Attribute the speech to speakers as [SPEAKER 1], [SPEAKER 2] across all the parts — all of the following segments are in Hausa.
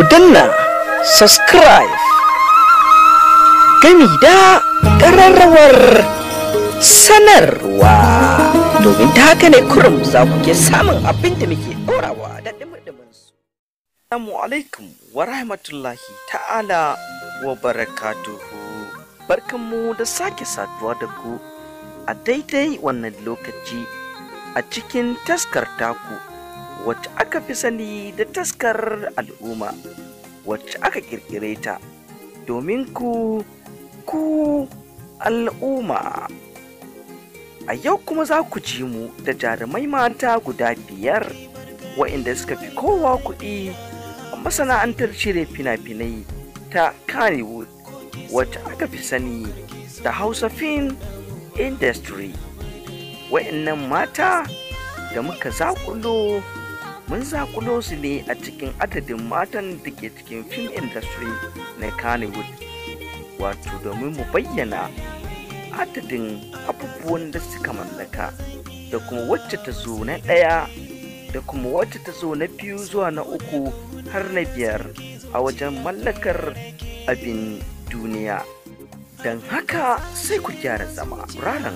[SPEAKER 1] ku danna subscribe gami da ƙararrawar sanarwa domin ta haka ne kurum za ku ke samun abin da muke ɗorawa da ɗimɗimin su. Assalamu alaikum wa rahmatullahi ta'ala wa barakatuhu barkanmu da sake saduwa da ku a daidai wannan lokaci a cikin taskar taku wacce aka fi sani da taskar al'umma wacce aka kirkire ta domin ku ku al'umma a yau kuma za ku ji mu da jarumai mata guda biyar waɗanda suka fi kowa kuɗi a masana'antar cire fina-finai ta Kannywood wacce aka fi sani da Hausa Film Industry. Wa'innan mata da muka zaƙulo mun zakulo su ne a cikin adadin matan da ke cikin film industry na Kannywood. Wato domin mu bayyana adadin abubuwan da suka mallaka da kuma wacce ta zo na ɗaya da kuma wacce ta zo na biyu zuwa na uku har na biyar a wajen mallakar abin duniya. Don haka sai ku gyara zama ranar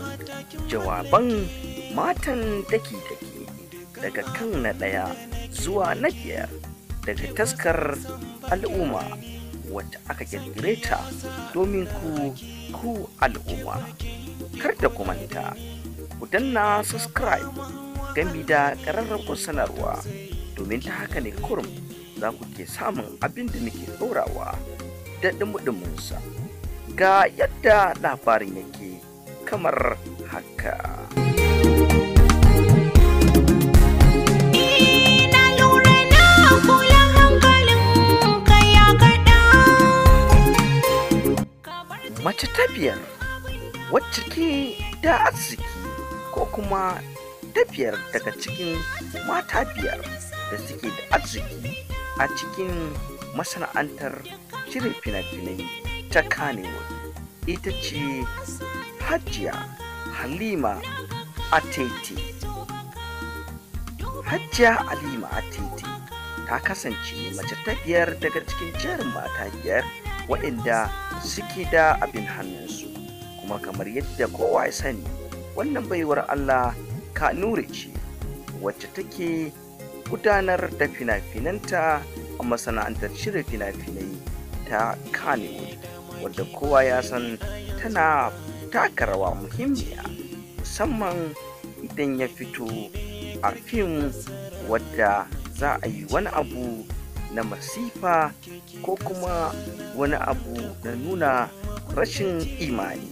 [SPEAKER 1] jawaban matan da ke daki daga kan na ɗaya zuwa na biyar daga taskar al'umma wata aka kirkire ta domin ku ku al'umma kar da kumanta ku danna subscribe gami da ƙararrakun sanarwa domin ta haka ne kurum za ku ke samun abin da muke ɗorawa da ɗumuɗuminsa ga yadda labarin yake kamar haka mace ta biyar wacce ke da arziki ko kuma ta biyar daga cikin mata biyar da suke da arziki a cikin masana'antar shirin fina-finai ta kanewa ita ce hajiya halima a Tete. hajiya halima a Tete ta kasance mace ta biyar daga cikin jerin mata biyar waɗanda suke da abin hannunsu kuma kamar yadda kowa ya sani wannan baiwar Allah kanure ce wacce take gudanar da fina-finanta a masana'antar shirya fina-finai ta kanewood wadda kowa ya san tana taka rawa muhimmiya musamman idan ya fito a fim wadda za a yi wani abu na masifa ko kuma wani abu na nuna rashin imani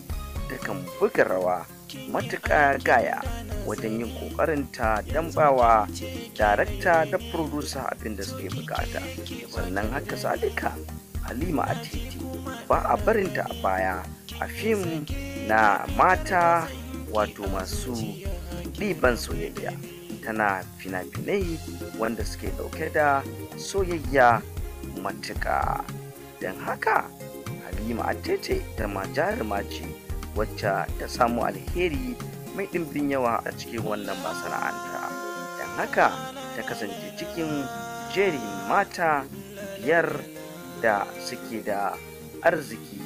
[SPEAKER 1] da kan buga rawa matuƙa gaya wajen yin ƙoƙarin don bawa darakta da furusa abin da suke bukata sannan haka zalika halima a titi ba a barinta a baya a fim na mata wato masu ɗiban soyayya tana fina-finai wanda suke dauke da soyayya matuka, don haka halima attete ta ma jaruma ce wacce ta samu alheri mai ɗimbin yawa a cikin wannan masana'anta don haka ta kasance cikin jeri mata biyar da suke da arziki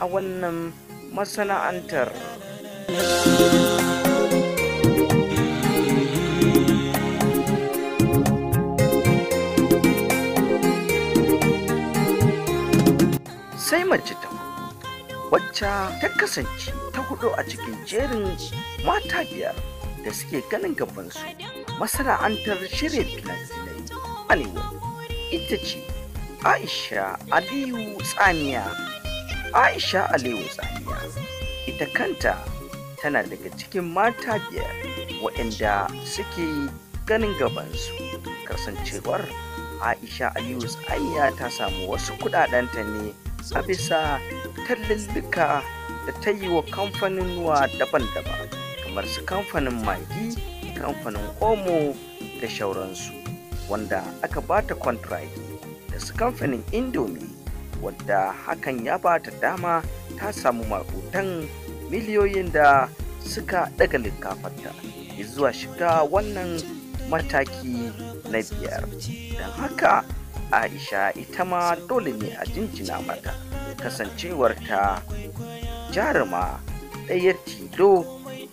[SPEAKER 1] a wannan masana'antar. sai mace ta wacce ta kasance ta hudu a cikin jerin mata biyar da suke ganin gabansu masana'antar shirya fina-finai ita ce aisha aliyu tsamiya aisha aliyu tsamiya ita kanta tana daga cikin mata biyar waɗanda suke ganin gabansu kasancewar aisha aliyu tsamiya ta samu wasu kudadanta ne a bisa tallallika da ta yi wa wa daban-daban kamar su kamfanin magi kamfanin omo da shauransu wanda aka ba ta contract da su kamfanin indomi, wadda hakan ya ba ta dama ta samu makutan miliyoyin da suka daga likafarta zuwa shiga wannan mataki na biyar don haka aisha ita ma dole ne a jinjina mata kasancewarta jaruma ɗaya tilo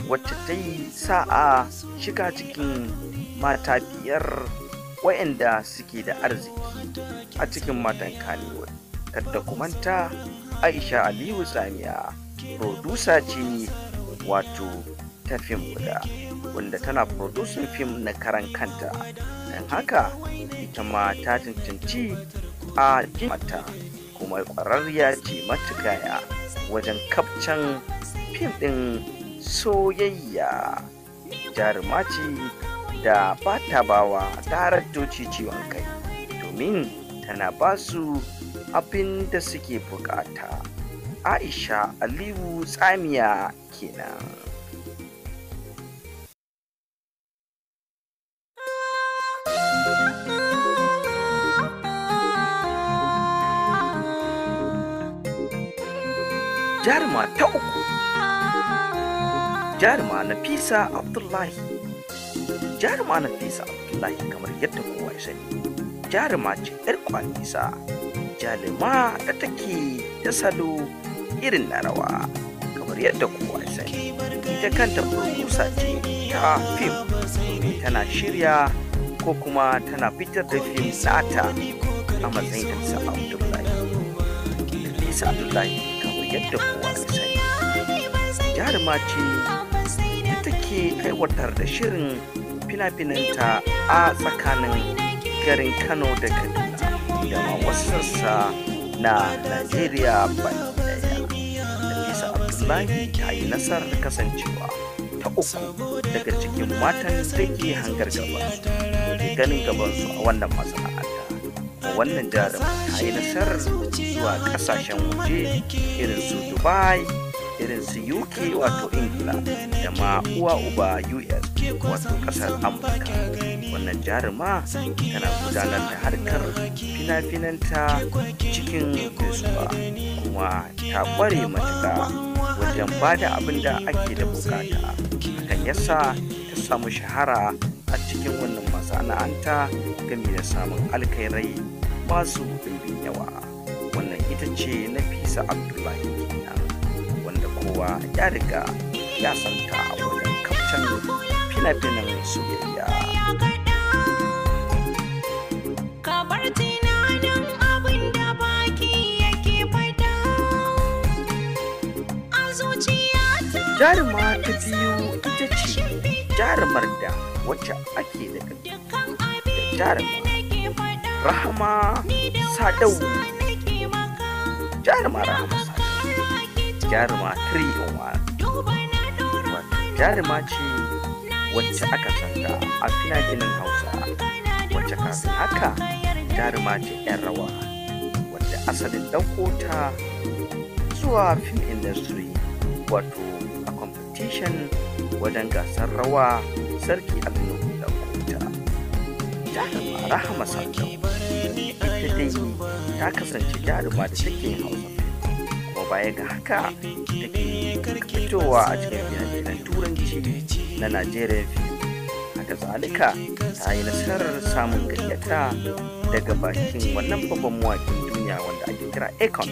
[SPEAKER 1] wacce ta yi sa'a shiga cikin mata biyar wa'inda suke da arziki a cikin matan kanewa kadda kumanta aisha aliyu samiya produsa ce wato ta fim guda wanda tana produsin fim na karan kanta don haka ita ma ta cancanci a mata kuma kwararriya ce matukaya wajen kafcan fim ɗin soyayya Jarumaci da ba ta bawa doci ciwon kai domin tana ba su abin da suke bukata aisha aliyu tsamiya kenan jaruma ta uku jaruma nafisa abdullahi jaruma nafisa abdullahi kamar yadda kowa ya sani jaruma ce yar kwanisa jalima da take ta salo irin na rawa kamar yadda kowa ya sani ita kanta furusa ce ta fim tana shirya ko kuma tana fitar da fim nata a matsayin da nisa Abdullahi. nisa Abdullahi kamar yadda kowa ya sani. Jaruma ce da take aiwatar da shirin fina-finanta a tsakanin garin Kano da Kaduna da ma wasu sassa na Najeriya baki daya. Abdullahi ta yi nasarar kasancewa ta uku daga cikin matan da ke hangar gaba. Ganin ganin gabansu a wannan masana'anta wannan jihar ta yi nasarar zuwa kasashen waje irin su dubai irin su uk wato ingila da ma uwa uba us wato kasar amurka wannan jaruma tana gudanar da harkar fina-finanta cikin kusurwa kuma ta kware matuka wajen ba da abin da ake da bukata hakan yasa ta samu shahara a cikin wannan masana'anta game da samun alkairai masu ɗimbin yawa wannan ita ce na fisa abdullahi kenan wanda kowa ya riga ya santa a wajen kamcan fina-finan soyayya Jarumar ta biyu ita ce jarumar da wacce ake da jaruma rahama sadau jaruma rahama sadau jaruma 3 jarima jaruma ce wacce aka santa a finafinan hausa wacce kafin haka jaruma ce 'yan rawa wacce asalin ɗauko ta zuwa film industry wato competition wajen gasar rawa sarki abinu da kuta jaruma rahama sandau ita dai ta kasance jaruma da take hausa kuma baya ga haka take fitowa a cikin fina-finan turanci na najeriya haka zalika ta yi nasarar samun gayyata daga bakin wannan babban mawakin Kenya wanda ake kira Akon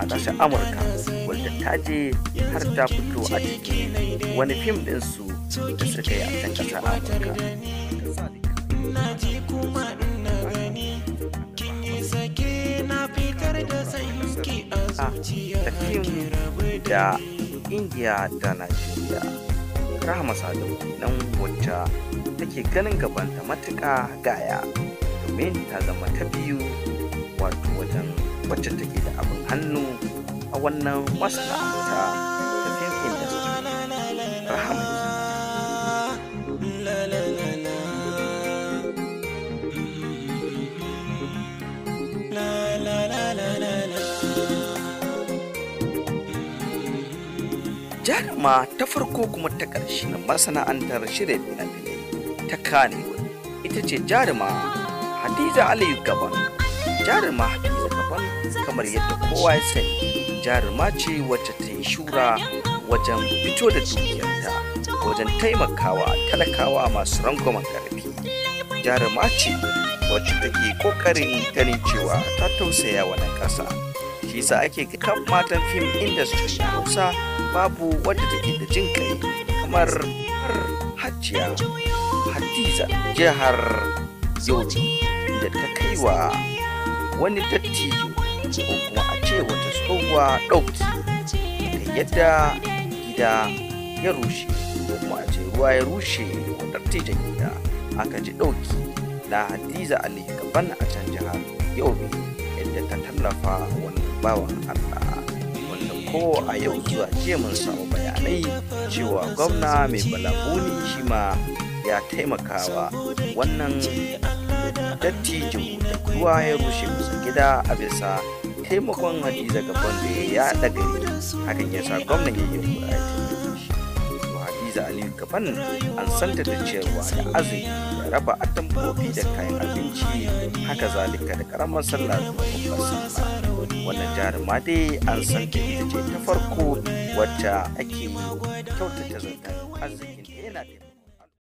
[SPEAKER 1] a ƙasar Amurka wadda ta je har ta fito a cikin wani fim ɗinsu da suka yi a can ƙasar Amurka. da fim da indiya da najeriya rahama sadu nan wacce take ganin gabanta matuka gaya domin ta zama ta biyu wato wajen wacce take da abin hannu a wannan masana'anta ta film industry rahama jaruma ta farko kuma ta ƙarshe na masana'antar shirya fina-finai ta kane ita ce jaruma hadiza aliyu gaban jaruma da kafan kamar yadda kowa ya sani jaruma ce wacce ta yi shura wajen fito da dukiyarta wajen taimakawa talakawa masu rangwamen karfi jaruma ce wacce take kokarin ganin cewa ta tausaya wa nan ƙasa shi sa ake kan matan fim industry na hausa babu wadda take da jin kai kamar hajjiya hadiza jihar yau da ta kai wa wani dattijo ko kuma a ce wata tsohuwa ɗauki da yadda gida ya rushe ko kuma a ce ruwa ya rushe da dattijan gida aka ji ɗauki na hadiza ali gaban a can jihar yobe yadda ta tallafa wani bawan allah wanda ko a yau zuwa jiya mun samu bayanai cewa gwamna mai balabuni shi ma ya taimakawa wannan dattijo da kuwa ya rushe musu gida a bisa taimakon hadiza gaban da ya daga gari hakan ya sa gwamnan ya yi kura ya taimaka hadiza aliyu gaban an santa da cewa da azumi da raba atambobi da kayan abinci haka zalika da karamar sallah da babbar sallah wannan jaruma dai an san ta ita ce ta farko wacce ake kyautata zaton arzikin yana taimaka